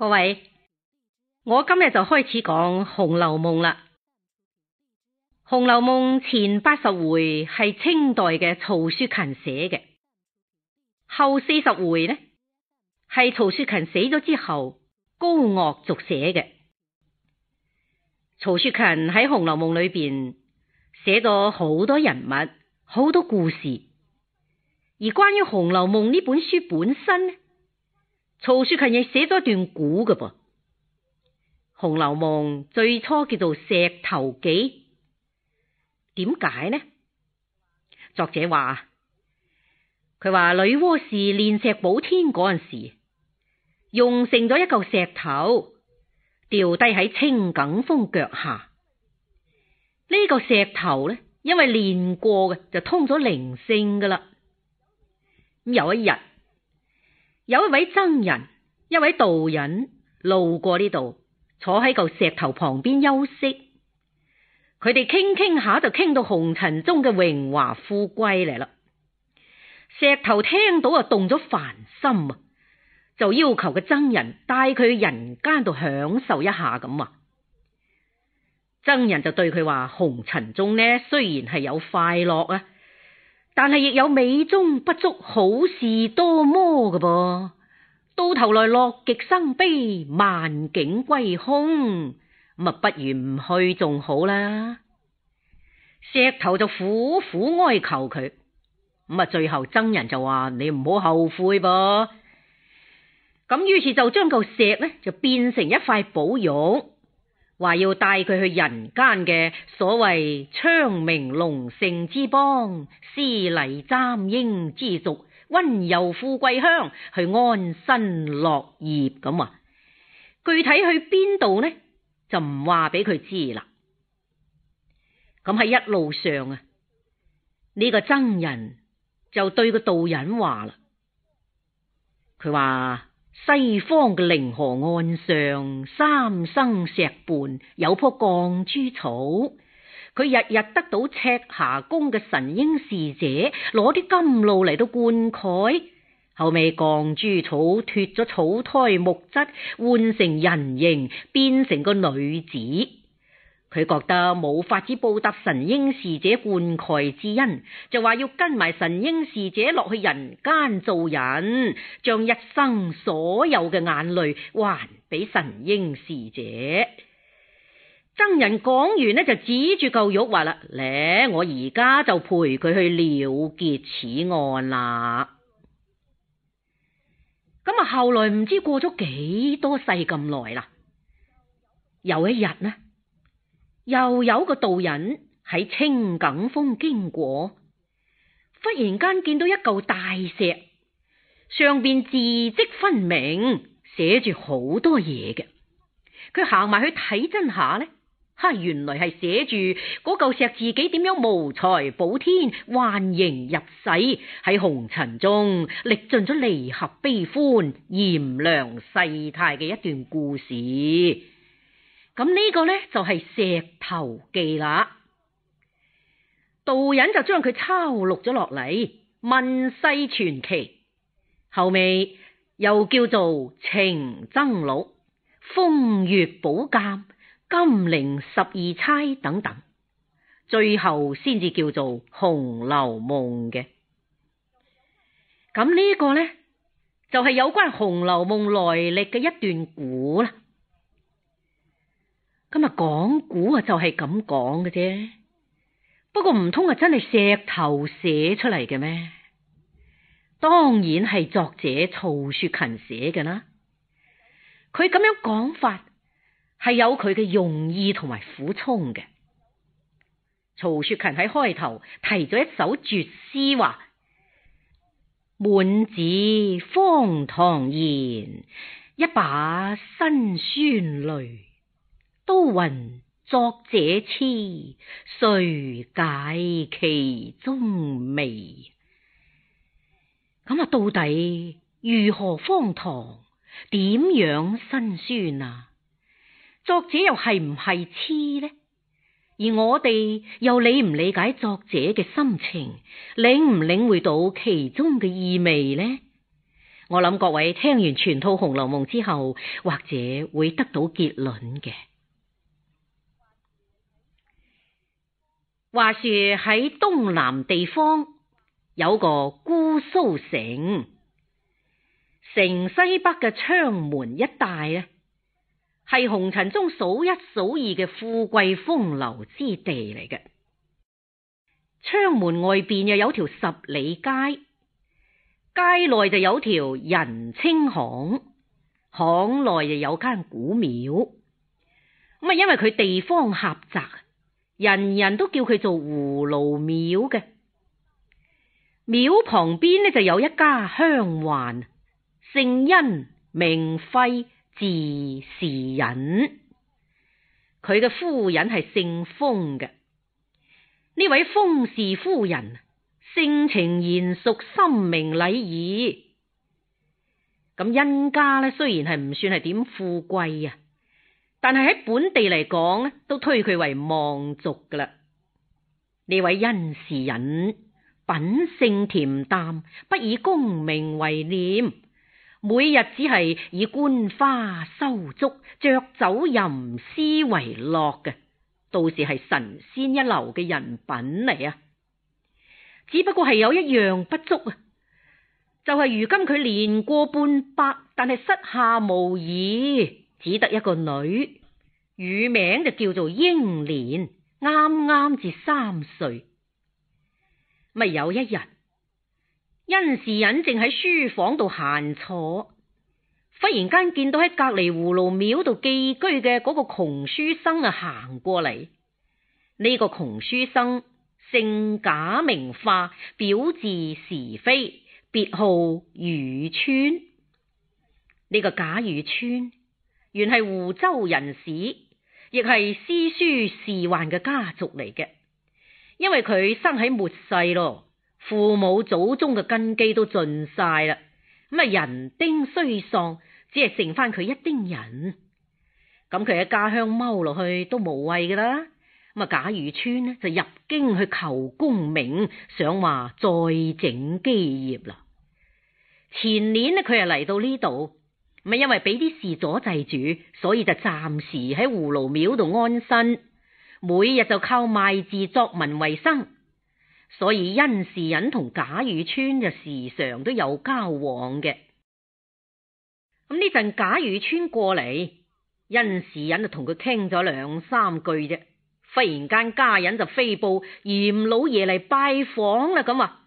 各位，我今日就開始講《紅樓夢》啦。《紅樓夢》前八十回係清代嘅曹雪芹寫嘅，後四十回呢係曹雪芹死咗之後高鹗續寫嘅。曹雪芹喺《紅樓夢》裏邊寫咗好多人物、好多故事，而關於《紅樓夢》呢本書本身曹雪芹亦寫咗段古嘅噃。《紅樓夢》，最初叫做《石頭記》，點解呢？作者話佢話女媧氏煉石補天嗰陣時，用剩咗一嚿石頭，掉低喺青埂峰腳下。呢嚿石頭咧，因為煉過嘅就通咗靈性噶啦。咁有一日。有一位僧人，一位道人路過呢度，坐喺嚿石頭旁邊休息。佢哋傾傾下就傾到紅塵中嘅榮華富貴嚟啦。石頭聽到啊，動咗凡心啊，就要求個僧人帶佢去人間度享受一下咁啊。僧人就對佢話：紅塵中呢，雖然係有快樂啊。但係亦有美中不足，好事多磨㗎噃，到頭來樂極生悲，萬景歸空，咁啊，不如唔去仲好啦。石頭就苦苦哀求佢，咁啊，最後僧人就話：你唔好後悔噃。咁於是就將嚿石咧就變成一塊寶玉。話要帶佢去人間嘅所謂昌明隆盛之邦，詩禮簪纓之族，溫柔富貴鄉去安身樂業咁啊！具體去邊度呢？就唔話俾佢知啦。咁喺一路上啊，呢、這個僧人就對個道人話啦，佢話。西方嘅靈河岸上，三生石畔有棵絳珠草，佢日日得到赤霞宮嘅神瑛侍者攞啲甘露嚟到灌溉。後尾絳珠草脫咗草胎木質，換成人形，變成個女子。佢覺得冇法子報答神瑛侍者灌溉之恩，就話要跟埋神瑛侍者落去人間做人，將一生所有嘅眼淚還俾神瑛侍者。僧人講完呢，就指住嚿玉話啦，咧我而家就陪佢去了結此案啦。咁啊，後來唔知過咗幾多世咁耐啦，有一日呢，又有一個道人喺青埂峰經過，忽然間見到一嚿大石，上邊字跡分明，寫住好多嘢嘅。佢行埋去睇真下咧，哈、啊，原來係寫住嗰嚿石自己點樣無才補天、幻形入世喺紅塵中歷盡咗離合悲歡、炎涼世態嘅一段故事。咁呢個咧就係石頭記啦，道人就將佢抄錄咗落嚟，問世傳奇，後尾又叫做情僧錄、風月寶鑑、金陵十二釵等等，最後先至叫做紅樓夢嘅。咁、這、呢個咧就係有關紅樓夢來歷嘅一段古啦。今日講古啊，就係咁講嘅啫。不過唔通啊，真係石頭寫出嚟嘅咩？當然係作者曹雪芹寫嘅啦。佢咁樣講法係有佢嘅用意同埋苦衷嘅。曹雪芹喺開頭提咗一首絕詩，話：滿紙荒唐言，一把辛酸淚。都云作者癡，誰解其中味？咁啊，到底如何荒唐？點樣辛酸啊？作者又係唔係癡咧？而我哋又理唔理解作者嘅心情，領唔領會到其中嘅意味咧？我諗各位聽完全套《紅樓夢》之後，或者會得到結論嘅。話說喺東南地方有個姑蘇城，城西北嘅閶門一帶啊，係紅塵中數一數二嘅富貴風流之地嚟嘅。閶門外邊又有條十里街，街內就有條人清巷，巷內又有間古廟。咁啊，因為佢地方狹窄。人人都叫佢做葫蘆廟嘅，廟旁邊呢，就有一家鄉宦，姓甄名費，字士隱。佢嘅夫人係姓封嘅，呢位封氏夫人，性情賢淑，心明禮義。咁甄家呢，雖然係唔算係點富貴啊。但係喺本地嚟講咧，都推佢為望族噶啦。呢位甄士隱，品性恬淡，不以功名為念，每日只係以觀花收、修竹、酌酒、吟詩為樂嘅，到時係神仙一流嘅人品嚟啊！只不過係有一樣不足啊，就係、是、如今佢年過半百，但係膝下無兒。只得一個女，乳名就叫做英蓮，啱啱至三歲。咪有一日，甄士隱正喺書房度閒坐，忽然間見到喺隔籬葫蘆廟度寄居嘅嗰個窮書生啊行過嚟。呢、這個窮書生姓賈名化，表字是非，別號雨村。呢、這個賈雨村。原係湖州人士，亦係詩書仕宦嘅家族嚟嘅。因為佢生喺末世咯，父母祖宗嘅根基都盡晒啦。咁啊，人丁衰喪，只係剩翻佢一丁人。咁佢喺家鄉踎落去都無謂噶啦。咁啊，賈雨村呢就入京去求功名，想話再整基業啦。前年呢，佢又嚟到呢度。咪因為俾啲事阻滯住，所以就暫時喺葫蘆廟度安身，每日就靠賣字作文為生。所以甄士隱同賈雨村就時常都有交往嘅。咁呢陣賈雨村過嚟，甄士隱就同佢傾咗兩三句啫。忽然間，家人就飛報嚴老爺嚟拜訪啦，咁話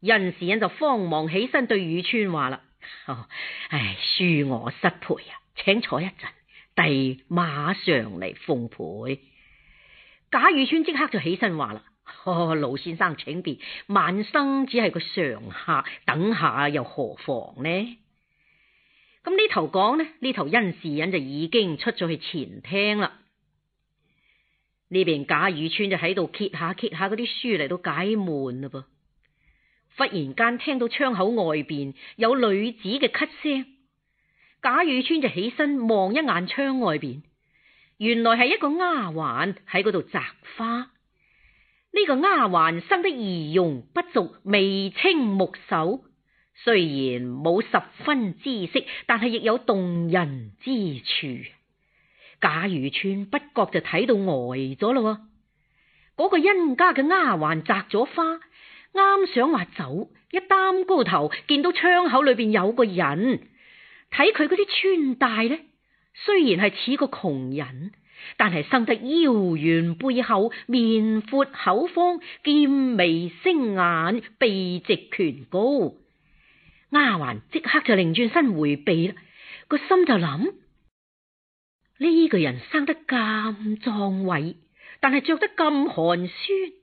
甄士隱就慌忙起身對雨村話啦。哦，唉，恕我失陪啊，請坐一陣，弟馬上嚟奉陪。賈雨村即刻就起身話啦，老、哦、先生請便，晚生只係個常客，等下又何妨呢？咁呢頭講呢，呢頭甄士隱就已經出咗去前廳啦。呢邊賈雨村就喺度揭下揭下嗰啲書嚟到解悶嘞噃。忽然間聽到窗口外邊有女子嘅咳聲，賈雨村就起身望一眼窗外邊，原來係一個丫鬟喺嗰度摘花。呢、這個丫鬟生得儀容不俗，眉清目秀，雖然冇十分姿色，但係亦有動人之處。賈雨村不覺就睇到呆咗咯，嗰、那個殷家嘅丫鬟摘咗花。啱想話走，一擔高頭見到窗口裏邊有個人，睇佢嗰啲穿戴咧，雖然係似個窮人，但係生得腰圓背厚，面闊口方，劍眉星眼，鼻直顴高。丫鬟即刻就擰轉身回避啦，個心就諗：呢個人生得咁壯偉，但係着得咁寒酸。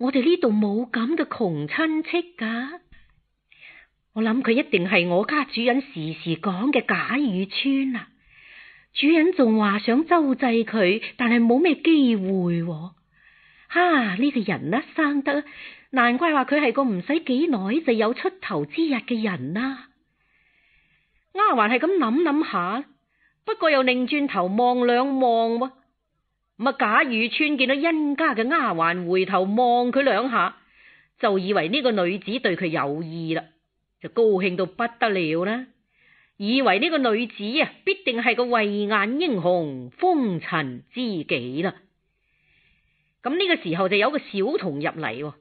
我哋呢度冇咁嘅窮親戚噶、啊，我諗佢一定係我家主人時時講嘅賈雨村啊。主人仲話想周濟佢，但係冇咩機會、啊。哈，呢個人啊生得，難怪話佢係個唔使幾耐就有出頭之日嘅人啦、啊。丫鬟，還係咁諗諗下，不過又擰轉頭望兩望、啊啊！賈雨村見到殷家嘅丫鬟回頭望佢兩下，就以為呢個女子對佢有意啦，就高興到不得了啦，以為呢個女子啊，必定係個慧眼英雄、風塵知己啦。咁、這、呢個時候就有個小童入嚟，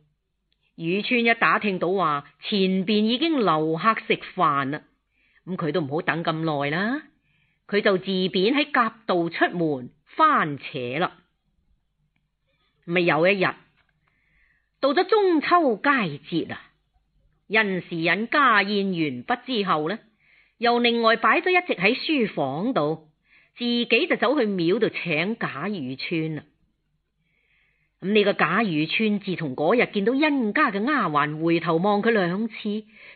雨村一打聽到話前邊已經留客食飯啦，咁佢都唔好等咁耐啦，佢就自便喺夾道出門。番扯啦，咪有一日到咗中秋佳節啊！甄士隱家宴完畢之後呢，又另外擺咗一席喺書房度，自己就走去廟度請賈雨村啦。咁呢個賈雨村自從嗰日見到甄家嘅丫鬟回頭望佢兩次，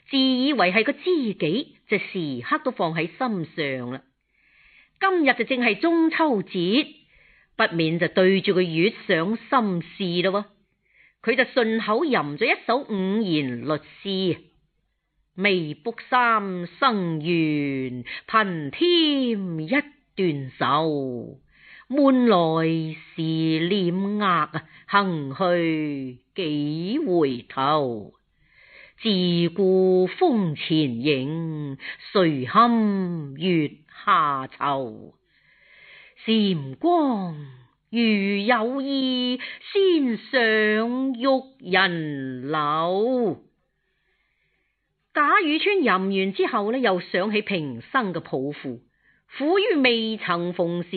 自以為係個知己，就時刻都放喺心上啦。今日就正係中秋節，不免就對住個月想心事咯。佢就順口吟咗一首五言律詩：未卜三生願，憑添一段愁。悶來時斂額，行去幾回頭。自顧風前影，誰堪月？夏愁，蟾光如有意，先上玉人樓。賈雨村吟完之後呢，又想起平生嘅抱負，苦於未曾逢時，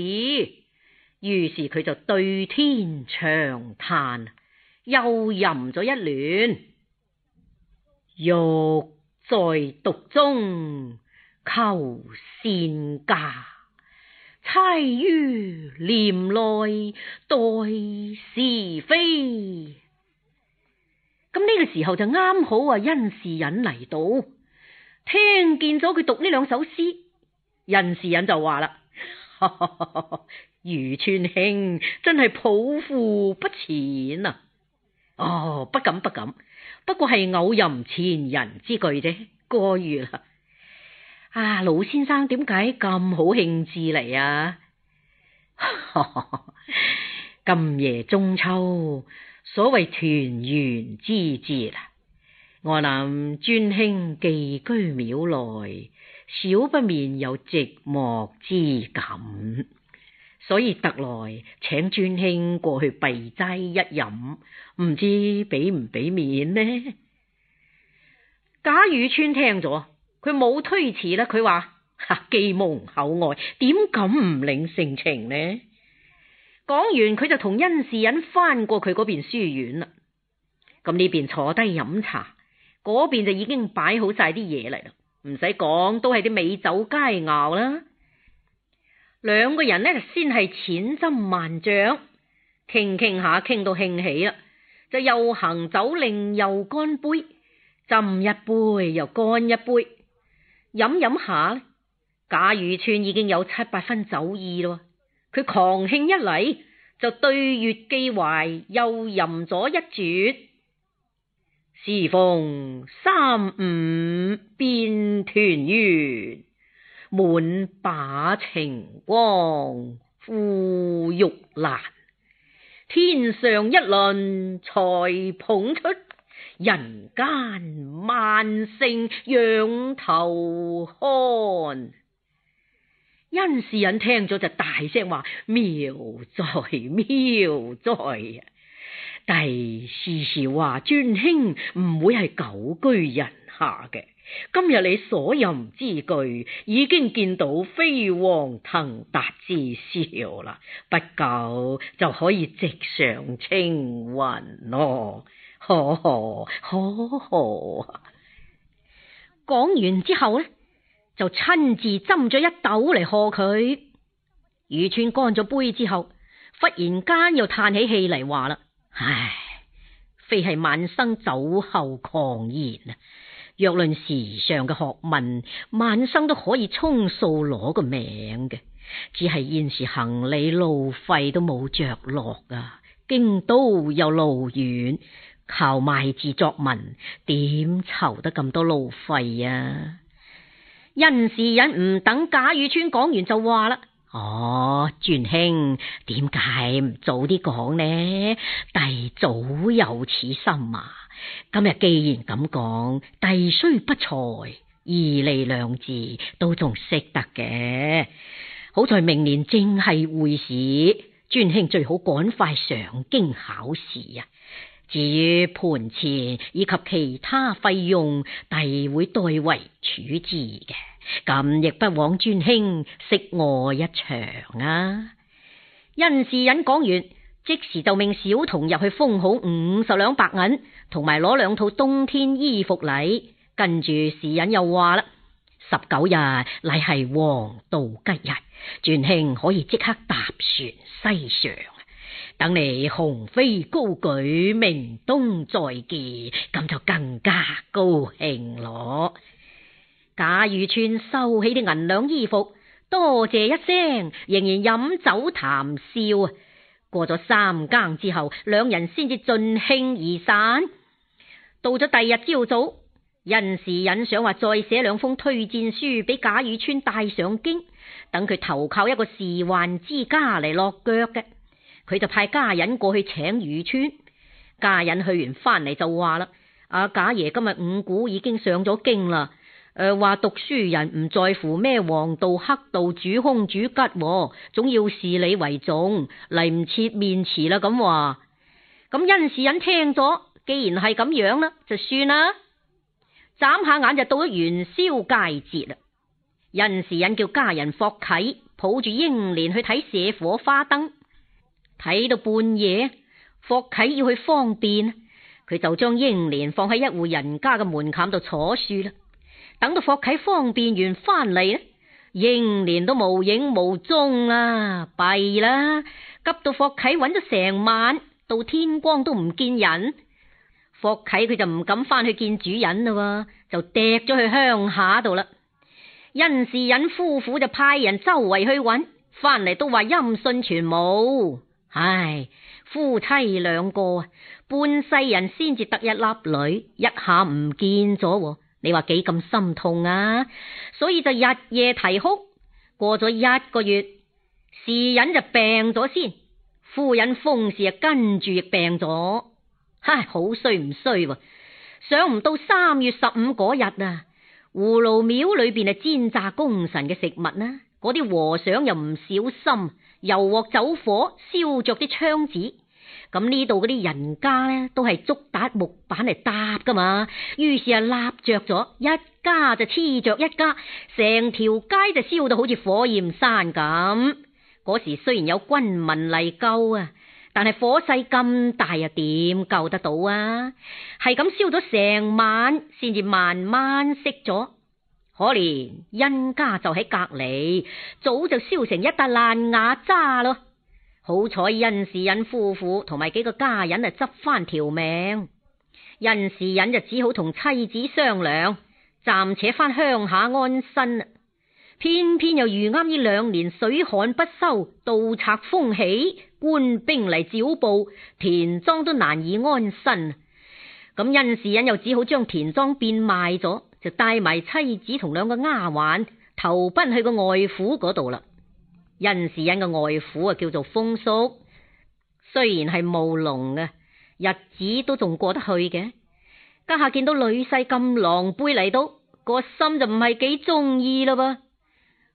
於是佢就對天長嘆，又吟咗一聯：玉在櫝中。求善價，釵於奩內待時飛。咁呢個時候就啱好啊，甄士隱嚟到，聽見咗佢讀呢兩首詩，甄士隱就話啦：雨村兄真係抱負不淺啊！哦，不敢不敢，不過係偶吟前人之句啫，過譽啦。啊，老先生點解咁好興致嚟啊？ 今夜中秋，所謂團圓之節啊，我諗尊兄寄居廟內，少不免有寂寞之感，所以特來請尊兄過去避齋一飲，唔知俾唔俾面呢？賈雨村聽咗。佢冇推辭啦，佢話：哈、啊，既蒙厚愛，點敢唔領盛情呢？講完，佢就同甄士隱翻過佢嗰邊書院啦。咁呢邊坐低飲茶，嗰邊就已經擺好晒啲嘢嚟啦。唔使講，都係啲美酒佳餚啦。兩個人咧，先係淺斟慢酌，傾傾下，傾到興起啦，就又行酒令，又乾杯，斟一杯又乾一杯。飲飲下，賈雨村已經有七八分酒意咯。佢狂興一嚟，就對月寄懷又吟咗一絕：時逢三五便團圓，滿把晴光付玉蘭，天上一輪才捧出。人間萬姓仰頭看，甄士隱聽咗就大聲話：妙哉妙哉！弟時時話：尊兄唔會係久居人下嘅，今日你所吟之句已經見到飛黃騰達之兆啦，不久就可以直上青雲咯。呵呵呵呵，講完之後咧，就親自斟咗一斗嚟賀佢。雨村乾咗杯之後，忽然間又嘆起氣嚟話啦：唉，非係晚生酒後狂言啊！若論時尚嘅學問，晚生都可以充數攞個名嘅，只係現時行李路費都冇着落啊！京都又路遠。靠賣字作文，點籌得咁多路費啊？甄士隱唔等賈雨村講完就話啦。哦，尊兄，點解唔早啲講呢？弟早有此心啊！今日既然咁講，弟雖不才，義利兩字都仲識得嘅。好在明年正係會試，尊兄最好趕快上京考試啊！至於盤纏以及其他費用，弟會代為處置嘅，咁亦不枉尊兄識我一場啊！甄士隱講完，即時就命小童入去封好五十兩白銀，同埋攞兩套冬天衣服禮。跟住士隱又話啦：十九日乃係黃道吉日，尊兄可以即刻搭船西上。等你雄飛高舉，明冬再見，咁就更加高興咯。賈雨村收起啲銀兩衣服，多謝一聲，仍然飲酒談笑啊。過咗三更之後，兩人先至盡興而散。到咗第二日朝早，甄士隱想話再寫兩封推薦書俾賈雨村帶上京，等佢投靠一個仕宦之家嚟落腳嘅。佢就派家人過去請雨村。家人去完翻嚟就話啦：阿、啊、賈爺今日五鼓已經上咗京啦。誒、呃，話讀書人唔在乎咩黃道黑道主凶主吉、哦，總要視理為重，嚟唔切面辭啦咁。咁甄、嗯、士隱聽咗，既然係咁樣啦，就算啦。眨下眼就到咗元宵佳節啦。甄、嗯、士隱叫家人霍啟抱住英蓮去睇社火花燈。.睇到半夜，霍啟要去方便，佢就將英蓮放喺一戶人家嘅門檻度坐住啦。等到霍啟方便完翻嚟，英蓮都無影無蹤啦、啊，弊啦！急到霍啟揾咗成晚，到天光都唔見人。霍啟佢就唔敢翻去見主人啦，就趯咗去鄉下度啦。甄士隱夫婦就派人周圍去揾，翻嚟都話音信全冇。唉，夫妻兩個啊，半世人先至得一粒女，一下唔見咗，你話幾咁心痛啊！所以就日夜啼哭。過咗一個月，士隱就病咗先，夫人封氏啊，跟住亦病咗。唉，好衰唔衰啊？上唔到三月十五嗰日啊，葫蘆廟裏邊啊，煎炸功臣嘅食物啦，嗰啲和尚又唔小心。油鑊走火，燒着啲窗子，咁呢度嗰啲人家咧都係竹笪木板嚟搭噶嘛，於是啊，立着咗一家就黐着一家，成條街就燒到好似火焰山咁。嗰時雖然有軍民嚟救啊，但係火勢咁大又點救得到啊？係咁燒咗成晚，先至慢慢熄咗。可憐甄家就喺隔籬，早就燒成一笪爛瓦渣咯。好彩甄士隱夫婦同埋幾個家人啊，執翻條命。甄士隱就只好同妻子商量，暫且翻鄉下安身。偏偏又遇啱呢兩年水旱不收，盜賊風起，官兵嚟剿捕，田莊都難以安身。咁甄士隱又只好將田莊變賣咗。就帶埋妻子同兩個丫鬟，投奔去個外，外父嗰度啦。甄士隱嘅外父啊，叫做風叔，雖然係務農嘅，日子都仲過得去嘅。家下見到女婿咁狼狽嚟到，個心就唔係幾中意啦噃。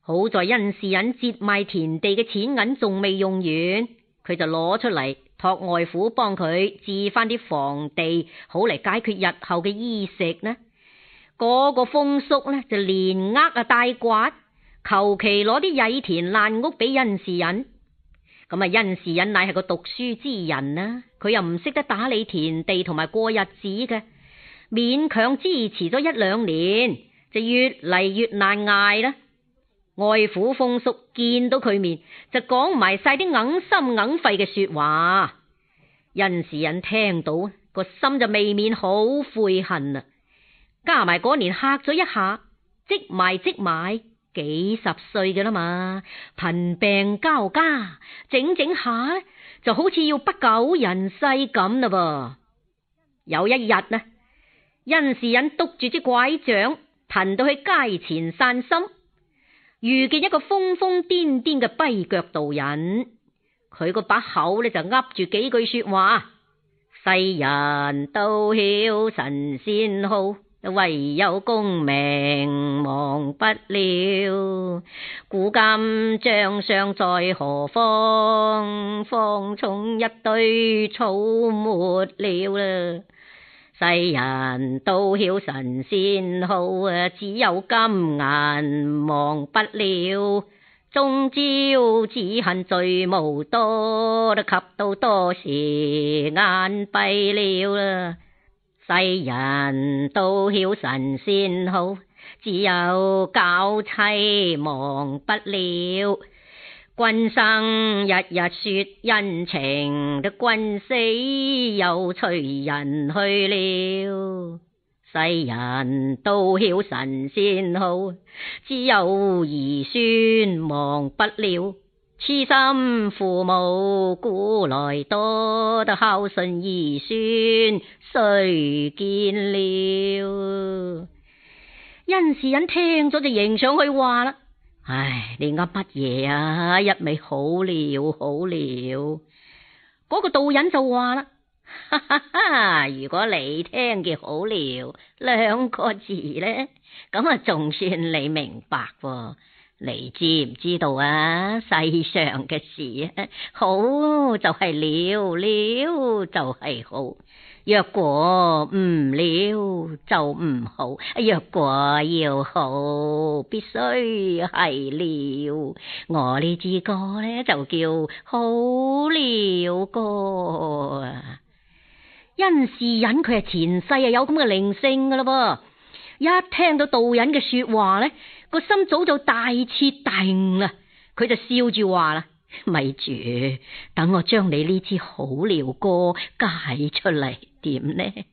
好在甄士隱折賣田地嘅錢銀仲未用完，佢就攞出嚟託外父幫佢置翻啲房地，好嚟解決日後嘅衣食呢。嗰個封肅呢，就連呃啊帶刮，求其攞啲曳田爛屋俾甄士隱。咁啊甄士隱乃係個讀書之人啊，佢又唔識得打理田地同埋過日子嘅，勉強支持咗一兩年，就越嚟越難挨啦。外父封肅見到佢面，就講埋晒啲硬心硬肺嘅說話。甄士隱聽到個心就未免好悔恨啊。加埋嗰年吓咗一下，積埋積埋，幾十歲嘅啦嘛，貧病交加，整整下咧就好似要不久人世咁啦噃。有一日呢，甄士隱督住隻拐杖，騰到去街前散心，遇見一個瘋瘋癲癲嘅跛腳道人，佢個把口咧就噏住幾句說話：世人都曉神仙好。唯有功名忘不了，古今將相在何方？荒冢一堆草沒了。世人都曉神仙好，只有金銀忘不了。終朝只恨聚無多，及到多時眼閉了啦。世人都曉神仙好，只有嬌妻忘不了。君生日日說恩情，嘅君死又隨人去了。世人都曉神仙好，只有兒孫忘不了。痴心父母古來多，得孝順兒孫誰見了？甄士隱聽咗就迎上去話啦：唉，你噏乜嘢啊？一味好了好了。嗰個道人就話啦：哈哈，如果你聽嘅好了兩個字咧，咁啊仲算你明白。你知唔知道啊？世上嘅事啊，好就係了，了就係好。若果唔了就唔好，若果要好，必須係了。我呢支歌咧就叫好了歌啊。甄士隱佢啊前世啊有咁嘅靈性噶噃，一聽到道人嘅說話咧，個心早就大徹大悟啦，佢就笑住話啦：咪住，等我將你呢支好了歌解出嚟，點呢？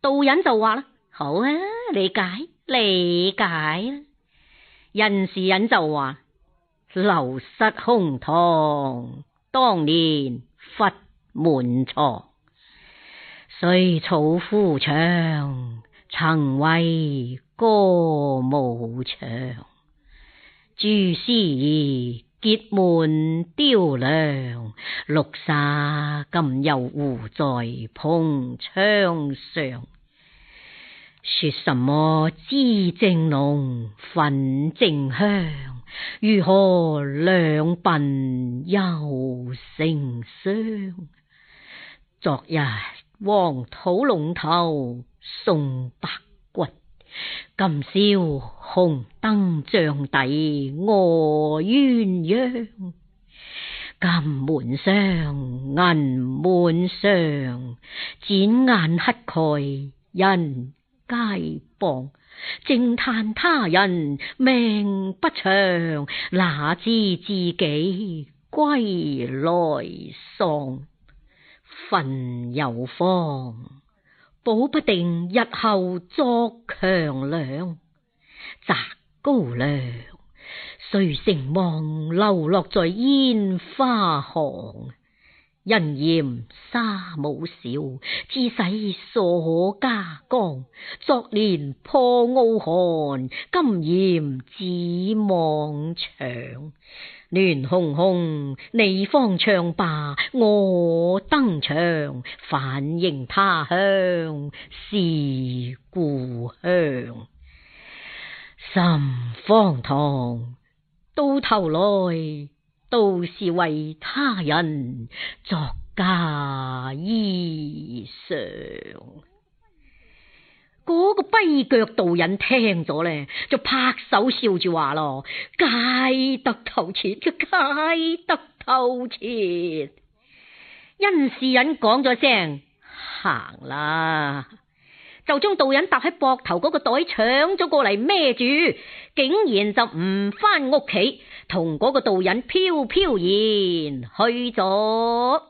道人就話啦：好啊，理解理解啊。甄士隱就話：陋室空堂，當年笏滿床，衰草枯楊，曾為歌舞場，蛛絲兒結滿雕梁，綠紗今又糊在蓬窗上。說什麼知正濃，粉正香，如何兩鬢又成霜？昨日。黃土隴頭送白骨，今宵紅燈帳底臥鴛鴦。金滿箱銀滿箱，展眼乞丐人皆謗，正嘆他人命不長，哪知自己歸來喪。訓有方，保不定日後作強梁；擇膏粱，誰承望流落在煙花巷。因嫌紗帽小，致使鎖枷扛；昨憐破襖寒，今嫌紫蟒長。亂哄哄，你方唱罷我登場，反認他鄉是故鄉。甚荒唐，到頭來，都是為他人作嫁衣裳。嗰個跛腳道人聽咗咧，就拍手笑住話咯：解得透徹嘅，解得透徹！甄士隱講咗聲行啦，就將道人搭喺膊頭嗰個袋搶咗過嚟孭住，竟然就唔返屋企，同嗰個道人飄飄然去咗。